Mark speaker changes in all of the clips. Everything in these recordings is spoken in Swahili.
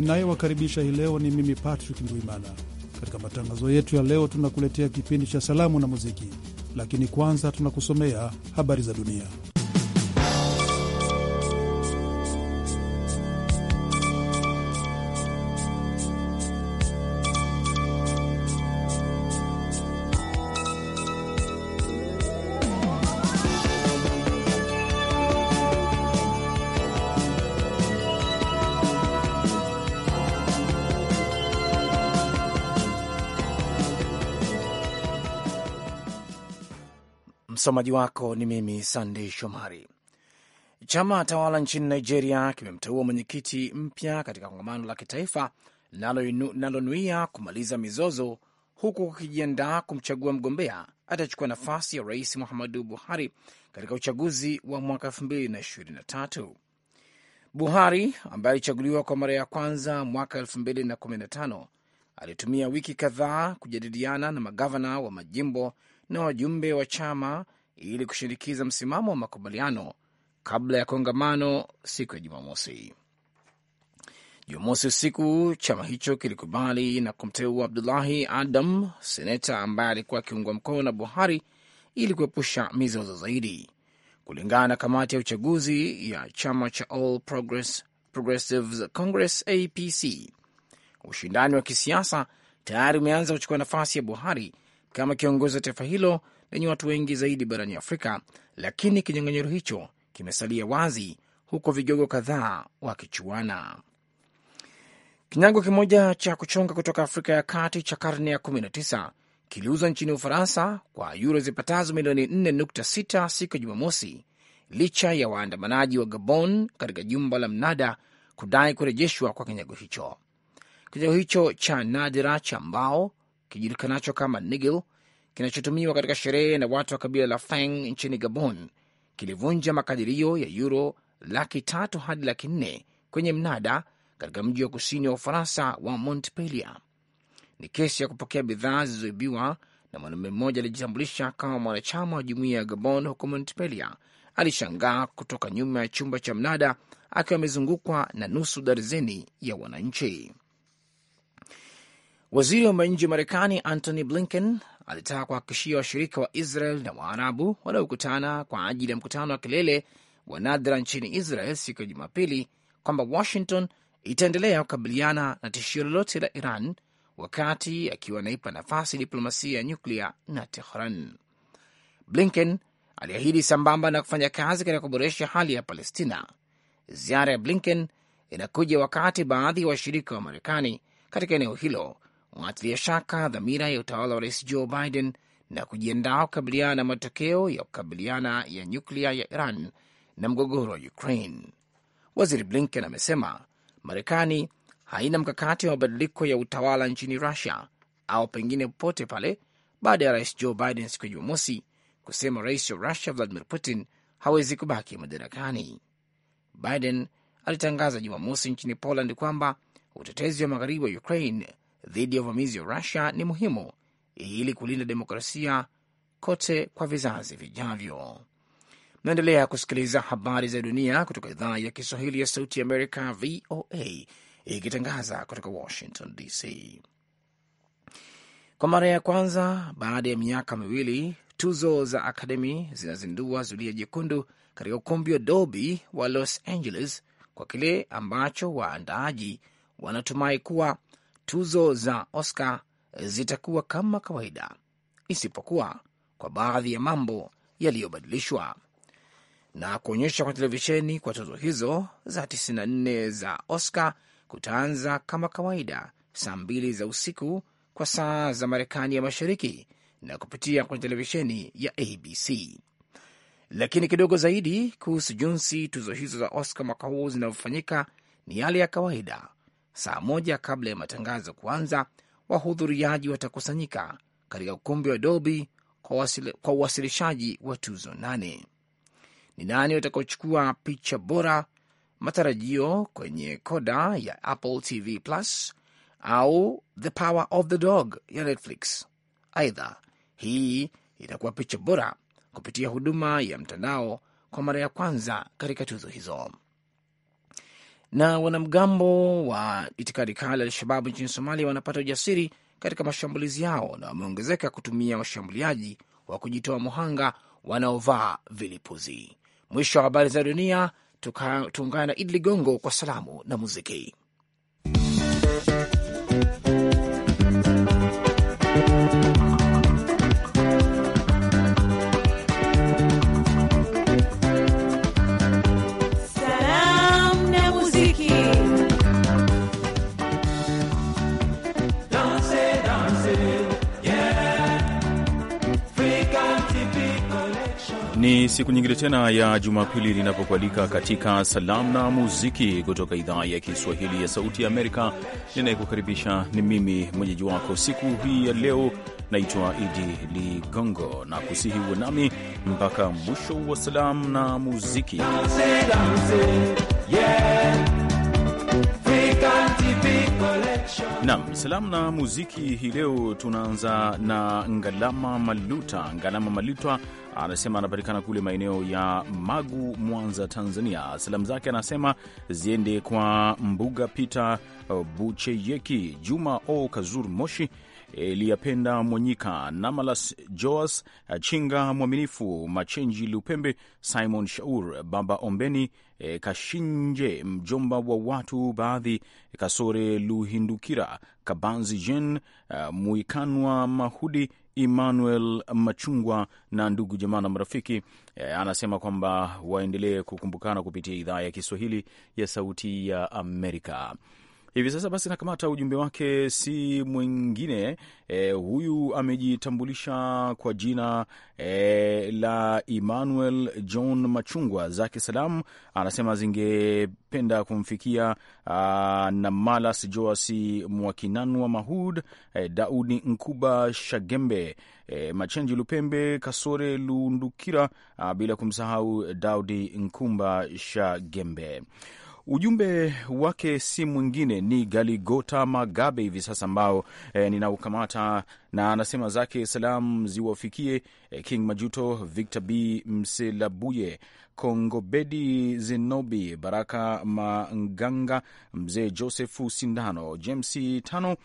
Speaker 1: ninayewakaribisha hii leo ni mimi Patrick Ndwimana. Katika matangazo yetu ya leo, tunakuletea kipindi cha salamu na muziki, lakini kwanza tunakusomea habari za dunia.
Speaker 2: Msomaji wako ni mimi Sandei Shomari. Chama tawala nchini Nigeria kimemteua mwenyekiti mpya katika kongamano la kitaifa linalonuia kumaliza mizozo huku kukijiandaa kumchagua mgombea atachukua nafasi ya rais Muhammadu Buhari katika uchaguzi wa mwaka 2023. Buhari ambaye alichaguliwa kwa mara ya kwanza mwaka 2015 alitumia wiki kadhaa kujadiliana na magavana wa majimbo na wajumbe wa chama ili kushinikiza msimamo wa makubaliano kabla ya kongamano siku ya Jumamosi. Jumamosi usiku chama hicho kilikubali na kumteua Abdulahi Adam, seneta ambaye alikuwa akiungwa mkono na Buhari ili kuepusha mizozo zaidi, kulingana na kamati ya uchaguzi ya chama cha All Progress, Progressives Congress APC. Ushindani wa kisiasa tayari umeanza kuchukua nafasi ya Buhari kama kiongozi wa taifa hilo lenye watu wengi zaidi barani Afrika, lakini kinyang'anyiro hicho kimesalia wazi, huko vigogo kadhaa wakichuana. Kinyago kimoja cha kuchonga kutoka Afrika ya Kati cha karne ya 19 kiliuzwa nchini Ufaransa kwa yuro zipatazo milioni 4.6 siku ya Jumamosi, licha ya waandamanaji wa Gabon katika jumba la mnada kudai kurejeshwa kwa kinyago hicho. Kinyago hicho cha nadira cha mbao kijulikanacho kama Nigil kinachotumiwa katika sherehe na watu wa kabila la Fang nchini Gabon kilivunja makadirio ya yuro laki tatu hadi laki nne kwenye mnada katika mji wa kusini wa Ufaransa wa montpelia Ni kesi ya kupokea bidhaa zilizoibiwa, na mwanaume mmoja alijitambulisha kama mwanachama wa jumuiya ya Gabon huko montpelia alishangaa kutoka nyuma ya chumba cha mnada akiwa amezungukwa na nusu darzeni ya wananchi. Waziri wa mambo ya nje wa Marekani Antony Blinken alitaka kuhakikishia washirika wa Israel na Waarabu wanaokutana kwa ajili ya mkutano wa kilele wa nadra nchini Israel siku ya Jumapili kwamba Washington itaendelea kukabiliana na tishio lolote la Iran, wakati akiwa anaipa nafasi diplomasia ya nyuklia na Tehran. Blinken aliahidi sambamba na kufanya kazi katika kuboresha hali ya Palestina. Ziara ya Blinken inakuja wakati baadhi ya wa washirika wa Marekani katika eneo hilo unatilia shaka dhamira ya utawala wa rais Joe Biden na kujiandaa kukabiliana na matokeo ya kukabiliana ya nyuklia ya Iran na mgogoro wa Ukraine. Waziri Blinken amesema Marekani haina mkakati wa mabadiliko ya utawala nchini Rusia au pengine popote pale, baada ya rais Joe Biden siku ya Jumamosi kusema rais wa Rusia Vladimir Putin hawezi kubaki madarakani. Biden alitangaza Jumamosi nchini Poland kwamba utetezi wa magharibi wa Ukraine dhidi ya uvamizi wa Rusia ni muhimu ili kulinda demokrasia kote kwa vizazi vijavyo. Naendelea kusikiliza habari za dunia kutoka idhaa ya Kiswahili ya Sauti ya Amerika, VOA, ikitangaza kutoka Washington DC. Kwa mara ya kwanza baada ya miaka miwili, tuzo za Akademi zinazindua zulia jekundu katika ukumbi wa Dolby wa Los Angeles kwa kile ambacho waandaaji wanatumai kuwa tuzo za Oscar eh, zitakuwa kama kawaida, isipokuwa kwa baadhi ya mambo yaliyobadilishwa na kuonyesha kwa televisheni kwa tuzo hizo za 94 za Oscar kutaanza kama kawaida saa mbili za usiku kwa saa za Marekani ya Mashariki na kupitia kwenye televisheni ya ABC. Lakini kidogo zaidi kuhusu jinsi tuzo hizo za Oscar mwaka huu zinavyofanyika ni yale ya kawaida saa moja kabla ya matangazo kuanza, wahudhuriaji watakusanyika katika ukumbi wa Dolby kwa uwasilishaji wa tuzo nane. Ni nani watakaochukua picha bora? Matarajio kwenye koda ya Apple TV Plus au The Power of the Dog ya Netflix. Aidha, hii itakuwa picha bora kupitia huduma ya mtandao kwa mara ya kwanza katika tuzo hizo na wanamgambo wa itikadi kali Al-Shababu nchini Somalia wanapata ujasiri katika mashambulizi yao na wameongezeka kutumia washambuliaji wa kujitoa muhanga wanaovaa vilipuzi. Mwisho wa habari za dunia. Tuungana na Idi Ligongo kwa salamu na muziki.
Speaker 3: Ni siku nyingine tena ya Jumapili linapokualika katika salamu na muziki kutoka idhaa ya Kiswahili ya Sauti ya Amerika. Ninayekukaribisha ni mimi mwenyeji wako siku hii ya leo, naitwa Idi Ligongo na kusihi uwe nami mpaka mwisho wa salamu na muziki. Muzika, muzika, yeah. Nam salamu na muziki hii leo, tunaanza na Ngalama Maluta. Ngalama Maluta anasema anapatikana kule maeneo ya Magu, Mwanza, Tanzania. Salamu zake anasema ziende kwa Mbuga Peter uh, Bucheyeki, Juma O Kazur Moshi, Eliyapenda Mwanyika, Namalas Joas Chinga, Mwaminifu Machenji Lupembe, Simon Shaur, Baba Ombeni e, Kashinje, mjomba wa watu baadhi, e, Kasore Luhindukira, Kabanzi Jen, uh, e, Muikanwa Mahudi, Emmanuel Machungwa na ndugu jamaa na marafiki e, anasema kwamba waendelee kukumbukana kupitia idhaa ya Kiswahili ya Sauti ya Amerika hivi sasa. Basi nakamata ujumbe wake, si mwingine e, huyu amejitambulisha kwa jina e, la Emmanuel John Machungwa, zake salamu anasema zingependa kumfikia a, na Malas Joasi Mwakinanwa Mahud e, Daudi Nkuba Shagembe e, Machenji Lupembe Kasore Lundukira a, bila kumsahau Daudi Nkumba Shagembe. Ujumbe wake si mwingine ni Galigota Magabe hivi sasa ambao e, ninaukamata na anasema zake salamu ziwafikie e, King Majuto, Victor B Mselabuye, Kongobedi Zenobi, Baraka Manganga, Mzee Josefu Sindano, James Tano,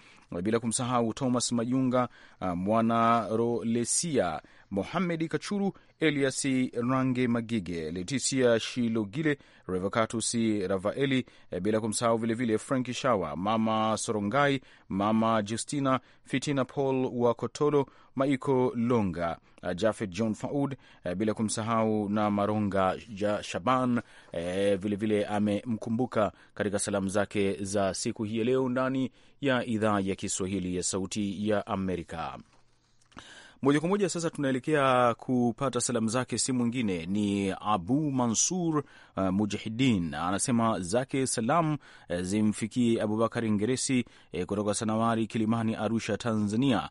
Speaker 3: bila kumsahau Thomas Mayunga, eh, Mwana Rolesia Mohamedi Kachuru, Elias Range Magige, Leticia Shilogile, Revocatus Ravaeli, eh, bila kumsahau vilevile Frank Shawa, Mama Sorongai, Mama Justina Fitina, Paul wa Kotolo, Maiko Longa, eh, Jafet John Faud, eh, bila kumsahau na Maronga ja Shaban vilevile amemkumbuka katika salamu zake za siku hii ya leo ndani ya idhaa ya Kiswahili ya Sauti ya Amerika. Moja kwa moja sasa tunaelekea kupata salamu zake, si mwingine ni Abu Mansur uh, Mujahidin. Anasema zake salamu uh, eh, zimfikie Abubakari Ngeresi uh, kutoka Sanawari, Kilimani, Arusha, Tanzania.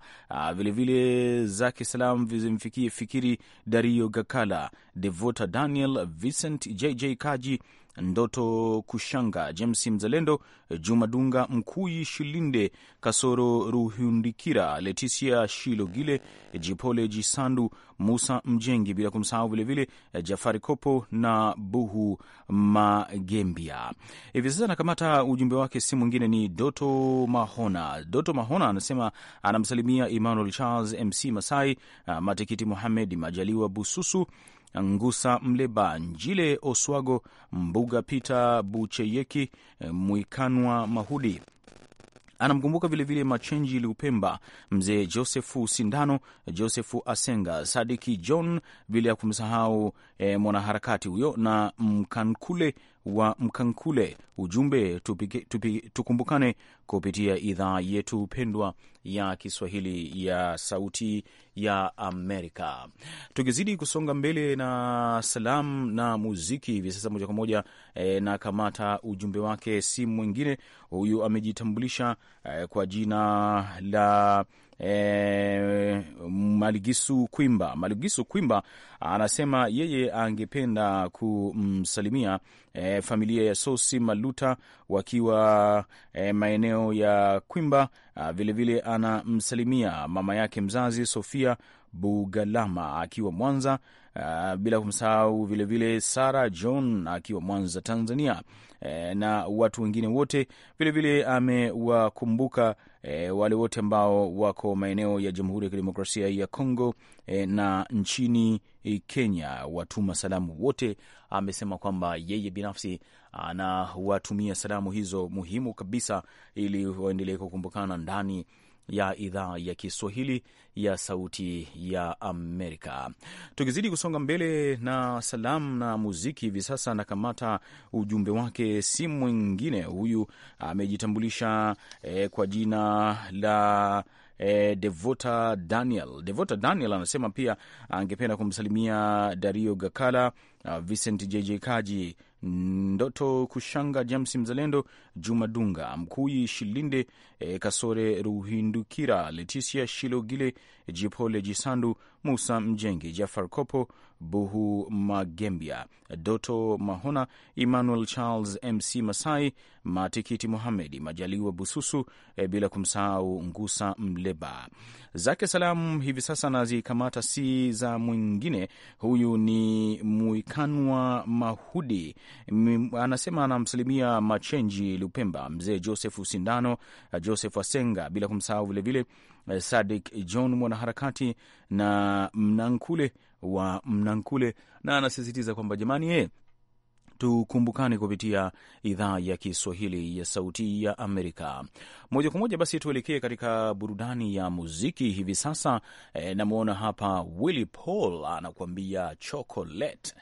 Speaker 3: Vilevile ah, uh, vile zake salamu zimfikie Fikiri Dario Gakala, Devota Daniel, Vincent JJ Kaji Ndoto Kushanga, James Mzalendo, jumadunga Mkuyi Shilinde, Kasoro Ruhundikira, Leticia Shilogile, Jipole Jisandu, Musa Mjengi, bila kumsahau vilevile eh, Jafari Kopo na Buhu Magembia. Eh, hivi sasa anakamata ujumbe wake, si mwingine ni Doto Mahona. Doto Mahona anasema anamsalimia Emmanuel Charles, MC Masai, eh, Matikiti Muhamed Majaliwa Bususu Ngusa Mleba, Njile Oswago, Mbuga Peter Bucheyeki, eh, Mwikanwa Mahudi anamkumbuka vilevile Machenji Liupemba, mzee Josefu Sindano, Josefu Asenga, Sadiki John, bila ya kumsahau e, mwanaharakati huyo na Mkankule wa Mkankule ujumbe tupike, tupike, tukumbukane kupitia idhaa yetu pendwa ya Kiswahili ya Sauti ya Amerika. Tukizidi kusonga mbele na salamu na muziki hivi sasa moja kwa moja e, na kamata ujumbe wake si mwingine huyu, amejitambulisha e, kwa jina la e, Maligisu Kwimba. Maligisu Kwimba anasema yeye angependa kumsalimia e, familia ya Sosi Maluta wakiwa e, maeneo ya Kwimba. Vilevile ah, anamsalimia mama yake mzazi Sofia Bugalama akiwa Mwanza, a, ah, bila kumsahau vilevile Sara John akiwa Mwanza, Tanzania e, na watu wengine wote vilevile amewakumbuka e, wale wote ambao wako maeneo ya Jamhuri ya Kidemokrasia ya Kongo e, na nchini Kenya watuma salamu wote. Amesema kwamba yeye binafsi anawatumia salamu hizo muhimu kabisa ili waendelee kukumbukana ndani ya idhaa ya Kiswahili ya Sauti ya Amerika. Tukizidi kusonga mbele na salamu na muziki, hivi sasa anakamata ujumbe wake, si mwingine huyu, amejitambulisha eh, kwa jina la E, Devota Daniel. Devota Daniel anasema pia angependa kumsalimia Dario Gakala, uh, ah, Vincent JJ Kaji, Ndoto Kushanga, James Mzalendo, Juma Dunga, Mkuyi Shilinde, e, Kasore Ruhindukira, Leticia Shilogile, Jipole Jisandu, Musa Mjenge, Jafar Kopo, Buhu Magembia, Doto Mahona, Emmanuel Charles, Mc Masai, Matikiti Muhamedi, Majaliwa Bususu, eh, bila kumsahau Ngusa Mleba. Zake salamu hivi sasa nazikamata si za mwingine, huyu ni Muikanwa Mahudi, anasema anamsalimia Machenji Lupemba, mzee Josefu Sindano, eh, josef Asenga, bila kumsahau vilevile Eh, Sadik John, mwanaharakati na Mnankule wa Mnankule, na anasisitiza kwamba jamani, e, tukumbukane kupitia idhaa ya Kiswahili ya Sauti ya Amerika moja kwa moja. Basi tuelekee katika burudani ya muziki hivi sasa. E, namwona hapa Willy Paul anakuambia chocolate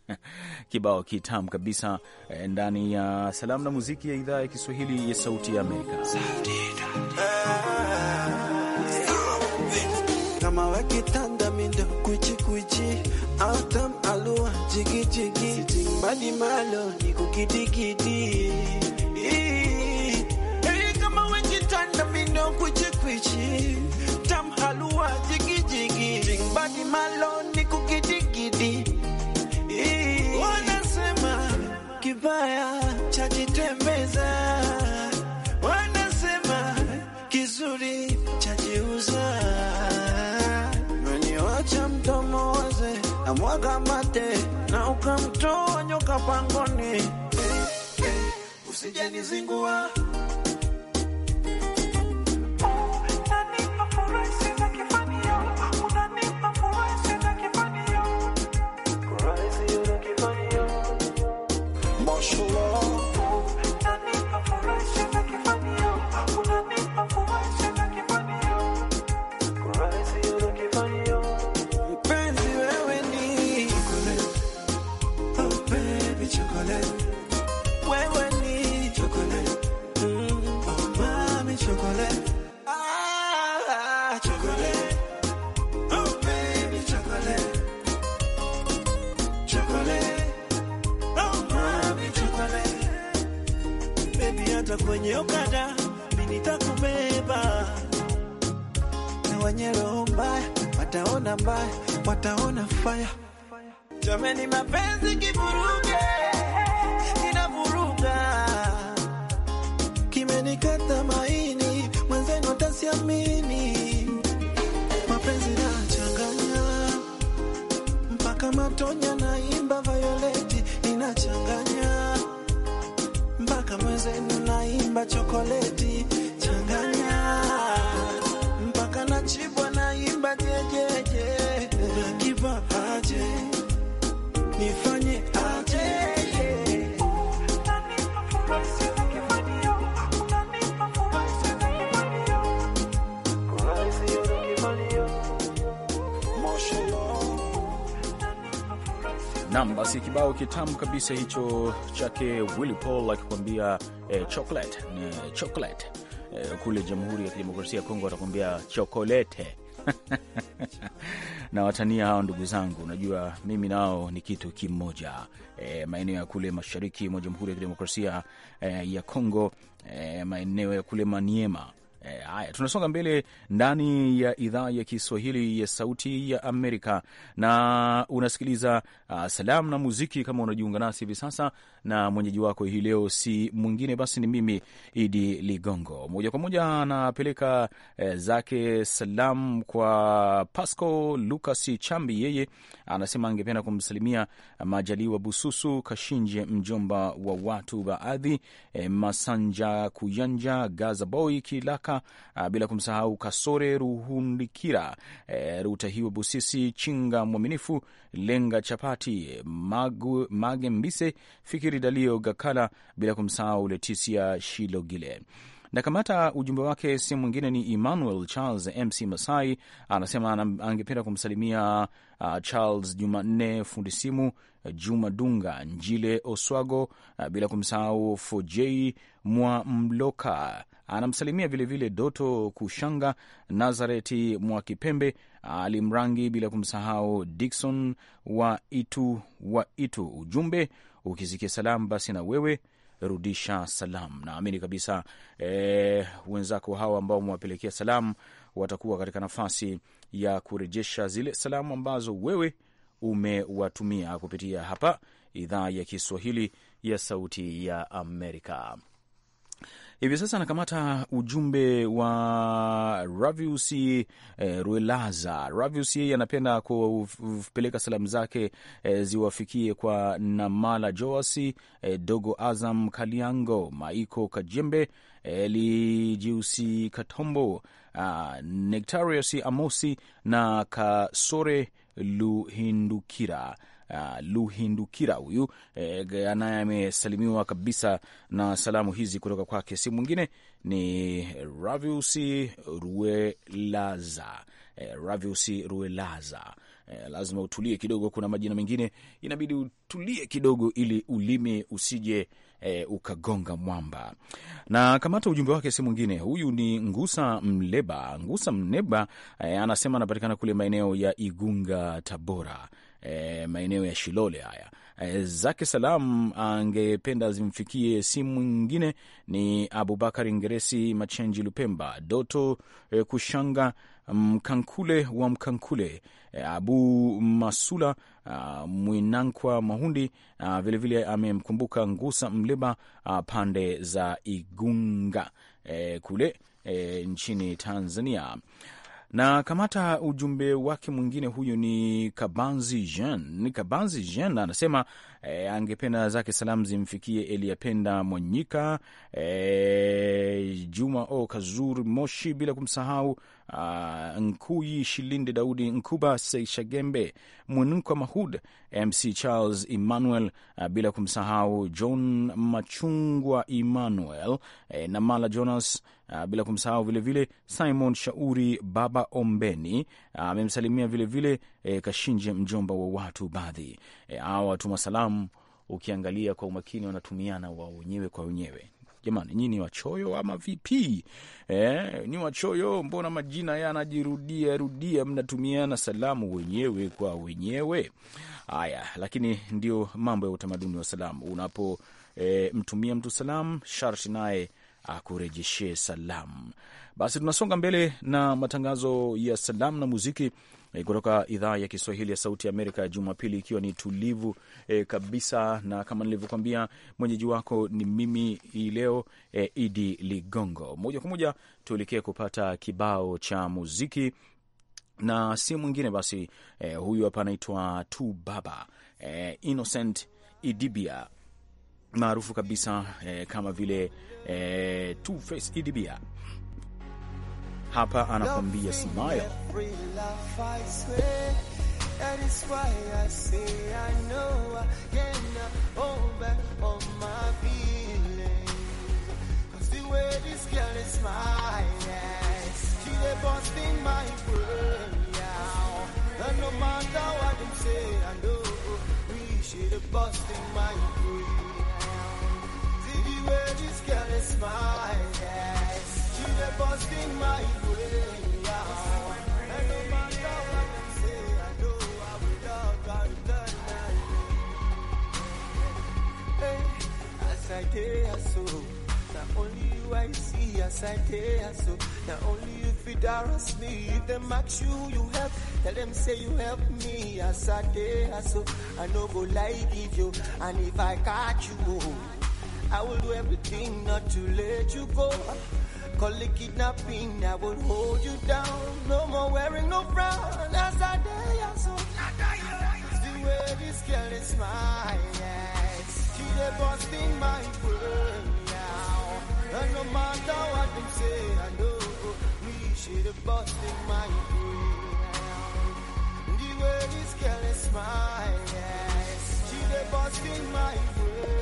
Speaker 3: kibao kitamu kabisa e, ndani ya salamu na muziki ya idhaa ya Kiswahili ya Sauti ya Amerika.
Speaker 4: hadi yaani malo ni kukitikiti kama wechitanda mindo kuchikwichi tamhalua jigijigi badi malo ni kukitikiti wanasema kibaya chajitembeza kutoka pangoni, usijeni zingua Nitakuvuta kwenye okada, mimi nitakubeba na wenye roho mbaya wataona mbaya, wataona faya. Jameni, mapenzi kivuruge, kinavuruga, kimenikata maini, mwenzenu atasiamini. Mapenzi nachanganya mpaka matonya, imba Vayoleti, inachanganya Kaka naimba chokoleti changanya mpaka na chibwa naimba jejeje, nakipa aje
Speaker 3: Nam, basi kibao kitamu kabisa hicho chake Willy Paul akikuambia eh, chocolate ni chocolate eh, kule Jamhuri ya Kidemokrasia ya Kongo atakuambia chokolete na watania hawa ndugu zangu, unajua mimi nao ni kitu kimoja. E, maeneo ya kule mashariki mwa Jamhuri ya Kidemokrasia e, ya Kongo e, maeneo ya kule Maniema Eh, haya, e, tunasonga mbele ndani ya idhaa ya Kiswahili ya Sauti ya Amerika na unasikiliza uh, salamu na muziki. Kama unajiunga nasi hivi sasa, na mwenyeji wako hii leo si mwingine basi ni mimi Idi Ligongo. Moja kwa moja anapeleka eh, zake salam kwa Pasco Lucas Chambi, yeye anasema angependa kumsalimia Majaliwa Bususu Kashinje, mjomba wa watu baadhi, eh, Masanja Kuyanja, Gaza Boy Kilaka, ah, bila kumsahau Kasore Ruhundikira, eh, Rutahiwa Busisi Chinga, Mwaminifu Lenga Chapati Magu, Mage Mbise Fikiri waziri Dalio Gakala, bila kumsahau Leticia Shilogile na kamata ujumbe wake sehemu mwingine ni Emmanuel Charles Mc Masai, anasema angependa kumsalimia uh, Charles Jumanne fundi simu, Juma Dunga, Njile Oswago, uh, bila kumsahau Fojei Mwa Mloka. Anamsalimia vilevile vile Doto Kushanga, Nazareti Mwa Kipembe, Ali Mrangi, bila kumsahau Dikson wa Itu wa Itu. Ujumbe Ukisikia salamu, basi na wewe rudisha salamu. Naamini kabisa e, wenzako hawa ambao umewapelekea salamu watakuwa katika nafasi ya kurejesha zile salamu ambazo wewe umewatumia kupitia hapa idhaa ya Kiswahili ya Sauti ya Amerika. Hivi sasa anakamata ujumbe wa Ravius eh, Ruelaza. Ravius yeye anapenda kupeleka salamu zake eh, ziwafikie kwa Namala Joasi eh, Dogo Azam Kaliango Maiko Kajembe jiusi Katombo a, ah, Nectarius Amosi na Kasore Luhindukira uh, Luhindukira huyu e, eh, naye amesalimiwa kabisa na salamu hizi kutoka kwake. Si mwingine ni Ravius Ruelaza e, Raviusi Ruelaza. Eh, lazima utulie kidogo. Kuna majina mengine inabidi utulie kidogo ili ulimi usije E, ukagonga mwamba. Na kamata ujumbe wake, Sehemu mwingine huyu ni Ngusa Mleba. Ngusa Mleba e, anasema anapatikana kule maeneo ya Igunga, Tabora e, maeneo ya Shilole haya e, eh, zake salam angependa zimfikie. Simu mwingine ni Abubakar Ngeresi Machenji Lupemba Doto e, Kushanga Mkankule wa Mkankule e, Abu Masula a, ah, Mwinankwa Mahundi vilevile ah, amemkumbuka Ngusa Mleba a, ah, pande za Igunga e, kule e, nchini Tanzania na kamata ujumbe wake mwingine. Huyu ni Kabanzi Jean. Kabanzi Jean anasema e, angependa zake salamu zimfikie Eliapenda Mwanyika, e, Juma o Kazuri Moshi, bila kumsahau Uh, ah, Nkuyi Shilinde, Daudi Nkuba, Seishagembe Mwenuka, Mahud, MC Charles Emmanuel, uh, bila kumsahau John Machungwa Emmanuel, e, eh, Namala Jonas Ah, bila kumsahau vilevile Simon Shauri Baba Ombeni ah, amemsalimia vilevile e, eh, Kashinje mjomba wa watu baadhi e, eh, awa watuma salamu. Ukiangalia kwa umakini wanatumiana wao wenyewe kwa wenyewe. Jamani, nyinyi ni wachoyo ama vipi? Eh, ni wachoyo? Mbona majina yanajirudia rudia, mnatumiana salamu wenyewe kwa wenyewe? Haya, lakini ndio mambo ya utamaduni wa salamu. Unapo e, mtumia mtu salamu, sharti naye akurejeshe salamu. Basi tunasonga mbele na matangazo ya salamu na muziki eh, kutoka idhaa ya Kiswahili ya Sauti ya Amerika, Jumapili ikiwa ni tulivu e, kabisa, na kama nilivyokwambia mwenyeji wako ni mimi hii leo e, Idi Ligongo. Moja kwa moja tuelekee kupata kibao cha muziki na si mwingine basi, e, huyu hapa anaitwa tu baba e, Innocent Idibia maarufu kabisa eh, kama vile eh, Two Face Idibia e hapa anakwambia smile.
Speaker 5: my yes. She say, I know I will love God eternally. Hey, as I dare only you I see, as I dare so, only you feed harass me, if them ask you, you help. Tell them say you help me, as I dare so, I no go lie give you, and if I catch you. I will do everything not to let you go. Call it kidnapping, I will hold you down. No more wearing no frown. As I die, I so. the way this girl is mine. Yes. She the busting my brain now. And no matter what they say, I know we should have busted my brain. The way this girl is mine. Yes. She the busting my brain.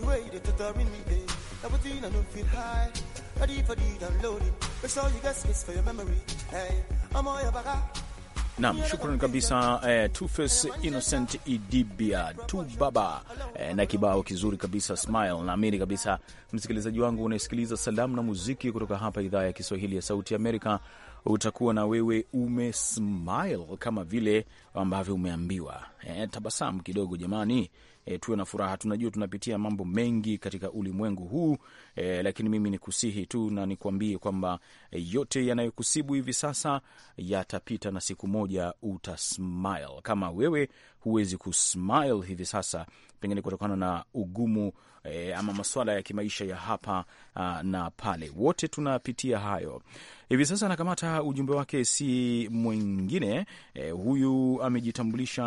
Speaker 5: The way they determine me there. Double was I don't feel high. Ready for the downloading. Make sure you get space for your memory. Hey, I'm all your baga.
Speaker 3: Nam, shukran kabisa eh, Tuface Innocent Idibia tu baba eh, na kibao kizuri kabisa Smile. Naamini kabisa msikilizaji wangu unasikiliza salamu na muziki kutoka hapa idhaa ya Kiswahili ya Sauti Amerika, utakuwa na wewe ume smile kama vile ambavyo umeambiwa eh, tabasamu kidogo jamani e, tuwe na furaha. Tunajua tunapitia mambo mengi katika ulimwengu huu e, lakini mimi nikusihi tu na nikuambie kwamba e, yote yanayokusibu hivi sasa yatapita na siku moja utasmile. Kama wewe huwezi kusmile hivi sasa, pengine kutokana na ugumu e, ama masuala ya kimaisha ya hapa a, ah, na pale. Wote tunapitia hayo hivi sasa. Anakamata ujumbe wake si mwingine e, huyu amejitambulisha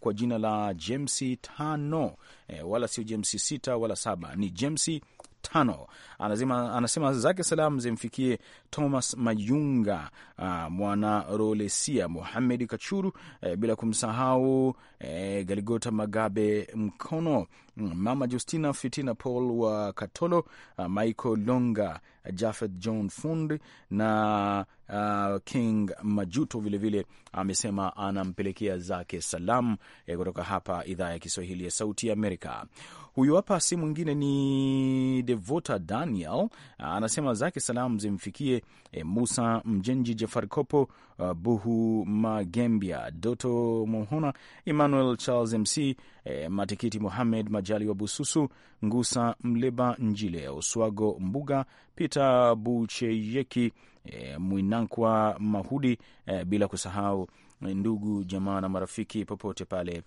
Speaker 3: kwa jina la James tano e, wala sio James sita wala saba, ni James tano. Anasema, anasema zake salam zimfikie Thomas Mayunga, uh, mwana Rolesia, Muhamed Kachuru, eh, bila kumsahau eh, Galigota Magabe Mkono, Mama Justina Fitina Paul wa Katolo, uh, Michael Longa, uh, Jafet John Fund na uh, King Majuto vilevile amesema vile, anampelekea zake salam eh, kutoka hapa idhaa ya Kiswahili ya Sauti ya Amerika. Huyu hapa si mwingine ni Devota Daniel, uh, anasema zake salam zimfikie eh, Musa Mjenji, Jafar Kopo uh, Buhu Magembia, Doto mohona Emmanuel Charles MC, eh, Matikiti muhamed Majali wa Bususu, Ngusa Mleba Njile, Oswago Mbuga, Peter Bucheyeki, eh, Mwinankwa Mahudi, eh, bila kusahau eh, ndugu jamaa na marafiki popote pale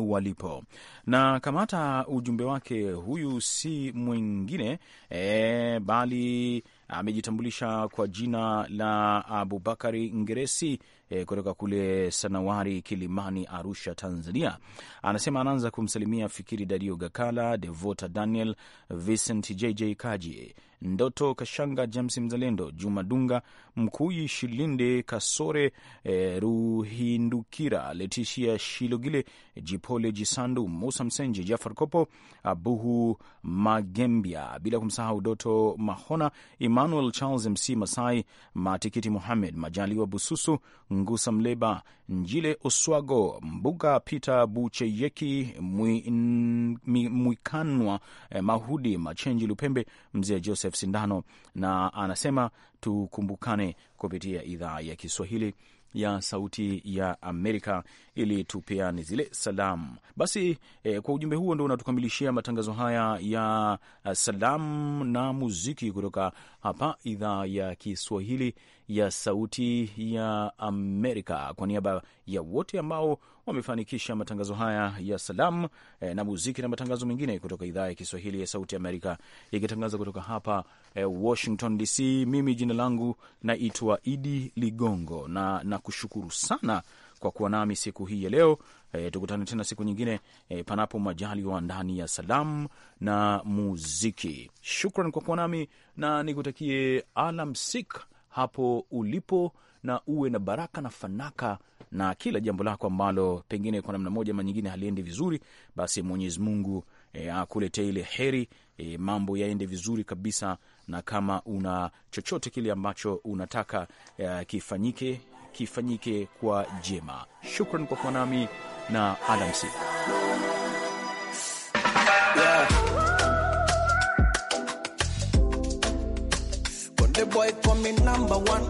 Speaker 3: walipo na kamata ujumbe wake. Huyu si mwingine e, bali amejitambulisha kwa jina la Abubakari Ngeresi e, kutoka kule Sanawari, Kilimani, Arusha, Tanzania. Anasema anaanza kumsalimia Fikiri Dario Gakala, Devota Daniel, Vincent JJ Kaji Ndoto Kashanga, James Mzalendo, Juma Dunga, Mkuyi Shilinde, Kasore eh, Ruhindukira, Letishia Shilogile, Jipole Jisandu, Musa Msenji, Jafar Kopo, Abuhu Magembia, bila kumsahau Doto Mahona, Emmanuel Charles, MC Masai, Matikiti Muhamed Majaliwa, Bususu Ngusa Mleba Njile Oswago Mbuga, Peter Bucheyeki Mwikanwa, eh, Mahudi Machenji Lupembe, Mzee Joseph Sindano, na anasema tukumbukane kupitia idhaa ya Kiswahili ya Sauti ya Amerika ili tupeane zile salamu basi. eh, kwa ujumbe huo ndo unatukamilishia matangazo haya ya eh, salamu na muziki kutoka hapa idhaa ya Kiswahili ya Sauti ya Amerika. Kwa niaba ya wote ambao wamefanikisha matangazo haya ya salamu eh, na muziki na matangazo mengine kutoka idhaa ya Kiswahili ya Sauti Amerika, ikitangaza kutoka hapa eh, Washington DC. Mimi jina langu naitwa Idi Ligongo na nakushukuru sana kwa kuwa nami siku hii ya leo. E, tukutane tena siku nyingine e, panapo majali wa ndani ya salamu na muziki. Shukran kwa kuwa nami na nikutakie alamsik hapo ulipo na uwe na baraka na fanaka na kila jambo lako ambalo pengine kwa namna moja ama nyingine haliendi vizuri, basi Mwenyezi Mungu e, akuletee ile heri e, mambo yaende vizuri kabisa. Na kama una chochote kile ambacho unataka e, kifanyike, kifanyike kwa jema. Shukran kwa kuwa nami na alamsiki, yeah.
Speaker 6: Hey boy, call me number one,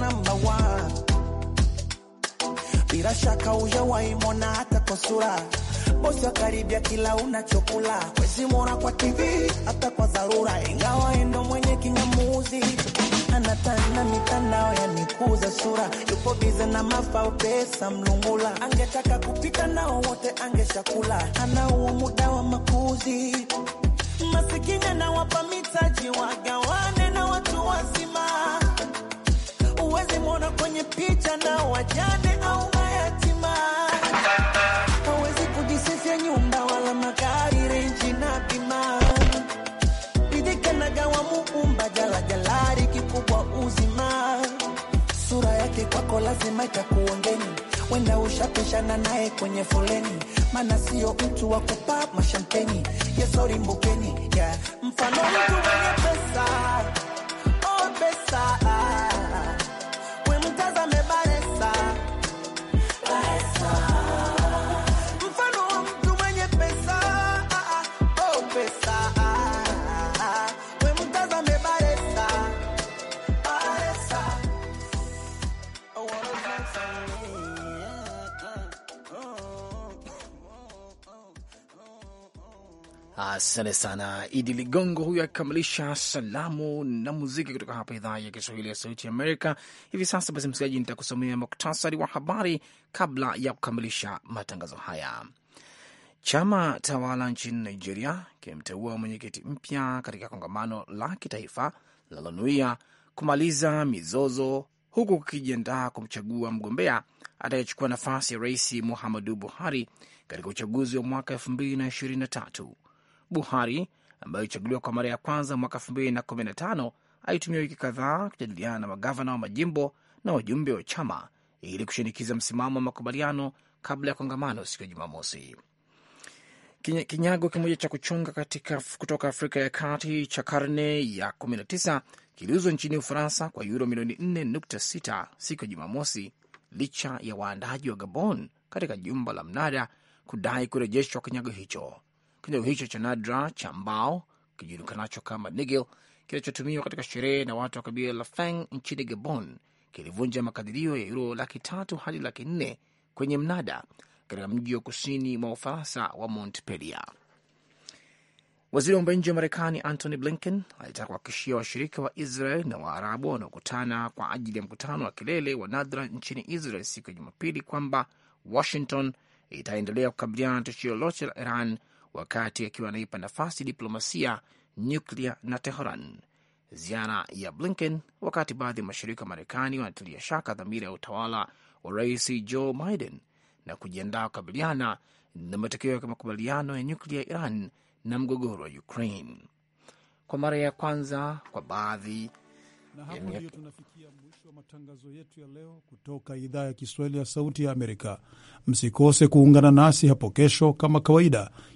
Speaker 6: number one. Bila shaka ujawaimona hata kwa sura, bosi wakaribia kila unachokula, wezimona kwa TV hata kwa dharura, ingawa endo mwenye kinyamuzi anatana mitandao yanikuza sura, yupo bize na mafao pesa mlungula, angetaka kupita nao wote angeshakula, anauo muda wa makuzi masikini anawapa mitaji wagawane watu wazima, uwezi mwona kwenye picha na wajane au mayatima, hawezi kujisifia nyumba wala magari, renji na bima, idikanagawa muumba jalajalari, kikubwa uzima, sura yake kwako lazima itakuongeni wenda ushapishana naye kwenye foleni, maana sio mtu wa kupa mashampeni yesori mbukeni yeah.
Speaker 4: Mfano mtu mwenye
Speaker 6: pesa
Speaker 2: Asante sana Idi Ligongo, huyo akikamilisha salamu na muziki kutoka hapa idhaa ya Kiswahili ya Sauti ya Amerika. Hivi sasa basi, msikilizaji, nitakusomea muktasari wa habari kabla ya kukamilisha matangazo haya. Chama tawala nchini Nigeria kimemteua mwenyekiti mpya katika kongamano la kitaifa linalonuia kumaliza mizozo huku kukijiandaa kumchagua mgombea atayechukua nafasi ya Rais Muhammadu Buhari katika uchaguzi wa mwaka elfu mbili na ishirini na tatu. Buhari ambayo ilichaguliwa kwa mara ya kwanza mwaka 2015 alitumia wiki kadhaa kujadiliana na magavana wa majimbo na wajumbe wa chama ili kushinikiza msimamo wa makubaliano kabla ya kongamano siku ya Jumamosi. Kinyago kimoja cha kuchonga katika kutoka Afrika ya Kati cha karne ya 19 kiliuzwa nchini Ufaransa kwa yuro milioni 4.6 siku ya Jumamosi, licha ya waandaji wa Gabon katika jumba la mnada kudai kurejeshwa kinyago hicho. Kinyago hicho cha nadra cha mbao kijulikanacho kama nigel, kinachotumiwa katika sherehe na watu wa kabila la Fang nchini Gabon, kilivunja makadirio ya yuro laki tatu hadi laki nne kwenye mnada katika mji wa kusini mwa Ufaransa wa Montpelia. Waziri wa mambo ya nje wa Marekani Antony Blinken alitaka kuhakikishia washirika wa Israel na Waarabu wanaokutana kwa ajili ya mkutano wa kilele wa nadra nchini Israel siku ya Jumapili kwamba Washington itaendelea kukabiliana na tishio lolote la Iran wakati akiwa anaipa nafasi diplomasia, nyuklia na Teheran. Ziara ya Blinken, wakati baadhi ya mashirika Marekani wanatilia shaka dhamira ya utawala wa Rais Joe Biden na kujiandaa kukabiliana na matokeo ya makubaliano ya nyuklia ya Iran na mgogoro wa Ukraine. Kwa mara ya kwanza
Speaker 1: kwa baadhi na hapo ndio tunafikia mwisho wa matangazo yetu ya leo kutoka idhaa ya Kiswahili ya Sauti ya Amerika. Msikose kuungana nasi hapo kesho kama kawaida